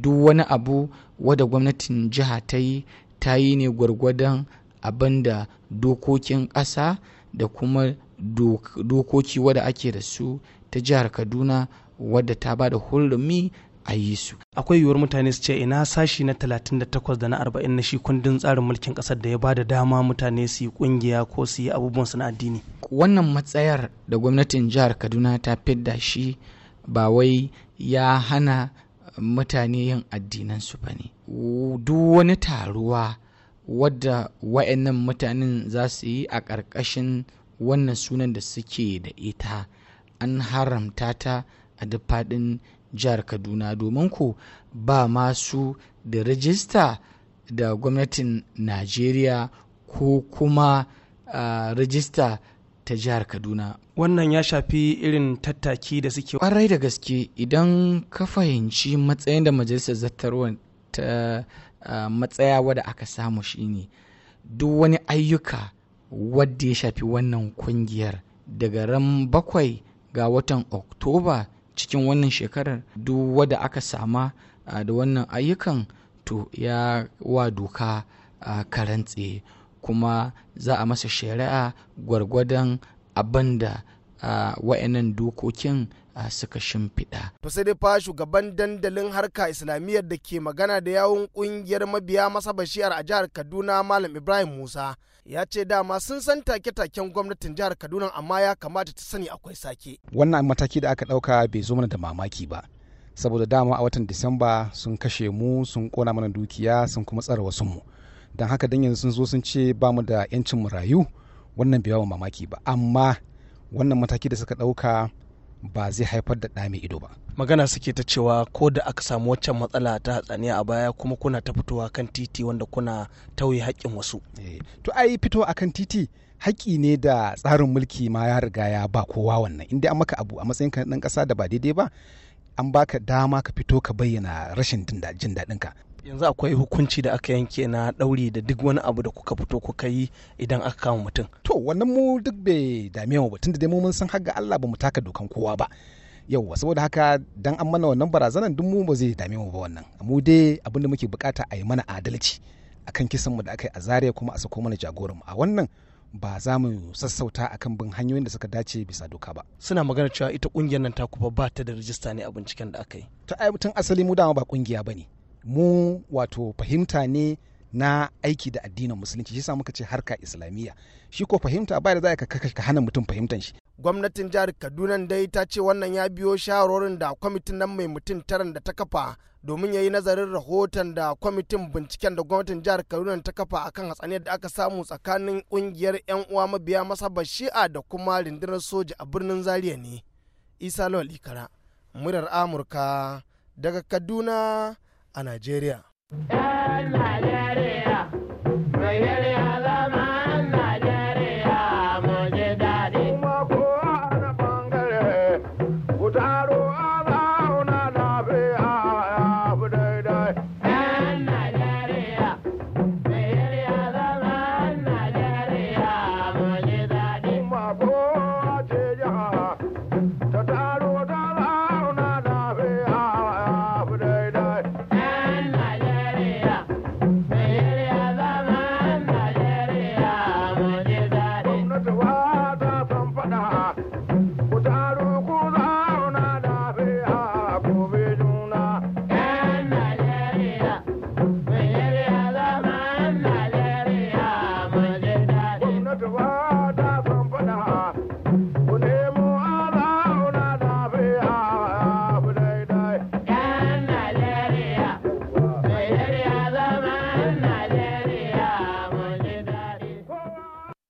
duk wani abu wadda gwamnatin jiha ta yi ta yi ne gwargwadon abin da dokokin ƙasa da kuma dokoki wadda ake da su ta jihar kaduna wadda ta ba da hulumi a yi su. Akwai yiwuwar mutane su ce ina sashi na 38 da na 40 na shi kundin tsarin mulkin kasar da ya ba da dama mutane su yi kungiya ko su yi abubuwan su na addini. Wannan matsayar da gwamnatin jihar Kaduna ta fidda shi ba wai ya hana mutane yin addinansu ba ne duk wani taruwa wadda wa'annan mutanen za su yi a ƙarƙashin wannan sunan da suke da ita an haramta ta a duk faɗin jihar kaduna domin ku ba masu da rajista da gwamnatin najeriya ko kuma uh, rajista ta jihar kaduna wannan ya shafi irin tattaki da suke ƙwarai da gaske idan ka fahimci matsayin da majalisar zattarwa ta matsaya wadda aka samu shine duk wani ayyuka wadda ya shafi wannan kungiyar daga ran bakwai ga watan oktoba cikin wannan shekarar duk wadda aka sama da wannan ayyukan to ya wa doka karantse kuma za a masa shari'a gwargwadon abin da wa'annan dokokin suka shimfiɗa. sai dai fa shugaban dandalin harka islamiyyar da ke magana da yawun kungiyar mabiya masa bashiyar a jihar kaduna malam ibrahim musa ya ce dama sun san take-taken gwamnatin jihar kaduna amma ya kamata ta sani akwai sake wannan mataki da aka ɗauka bai zo mana da mamaki ba saboda dama a watan disamba sun kashe mu sun kona mana dukiya sun kuma tsara wasu mu don haka dan yanzu sun zo sun ce ba mu da 'yancin mu rayu wannan bai yawan mamaki ba amma wannan mataki da suka dauka ba zai haifar da ɗa ido ba. Magana suke ta cewa ko da aka samu waccan matsala ta hatsaniya a baya kuma kuna ta fitowa kan titi wanda kuna tauye haƙƙin wasu. Eh, to ai fito a kan titi haƙƙi ne da tsarin mulki ma ya riga ya ba kowa wannan inda an maka abu a matsayin ka ɗan ƙasa da ba daidai ba an baka dama ka fito ka bayyana rashin jin daɗinka yanzu akwai hukunci da aka yanke na ɗauri da duk wani abu da kuka fito kuka yi idan aka kama mutum to wannan mu duk bai dame mu ba tunda dai mu mun san har ga Allah ba mu taka dokan kowa ba yauwa saboda haka dan an mana wannan barazanan duk mu ba zai dame mu ba wannan mu dai abinda muke bukata a yi mana adalci akan kisan mu da aka yi a zaria kuma a sako mana jagoran mu a wannan ba za mu sassauta akan bin hanyoyin da suka dace bisa doka ba suna magana cewa ita kungiyar nan ta kuma ba ta da rijista ne a binciken da aka yi ta ai asali mu dama ba kungiya ne. mu wato fahimta ne na aiki da addinin musulunci shi sa muka ce harka islamiyya shi ko fahimta ba da za ka ka hana mutum fahimtan shi gwamnatin jihar kaduna dai ta ce wannan ya biyo shawarorin da kwamitin nan mai mutum taran da ta kafa domin ya yi nazarin rahoton da kwamitin binciken da gwamnatin jihar kaduna ta kafa akan hatsaniyar da aka samu tsakanin kungiyar yan uwa mabiya masabar shi'a da kuma rundunar soja a birnin zaria ne isa lawal ikara murar amurka daga kaduna a Najeriya.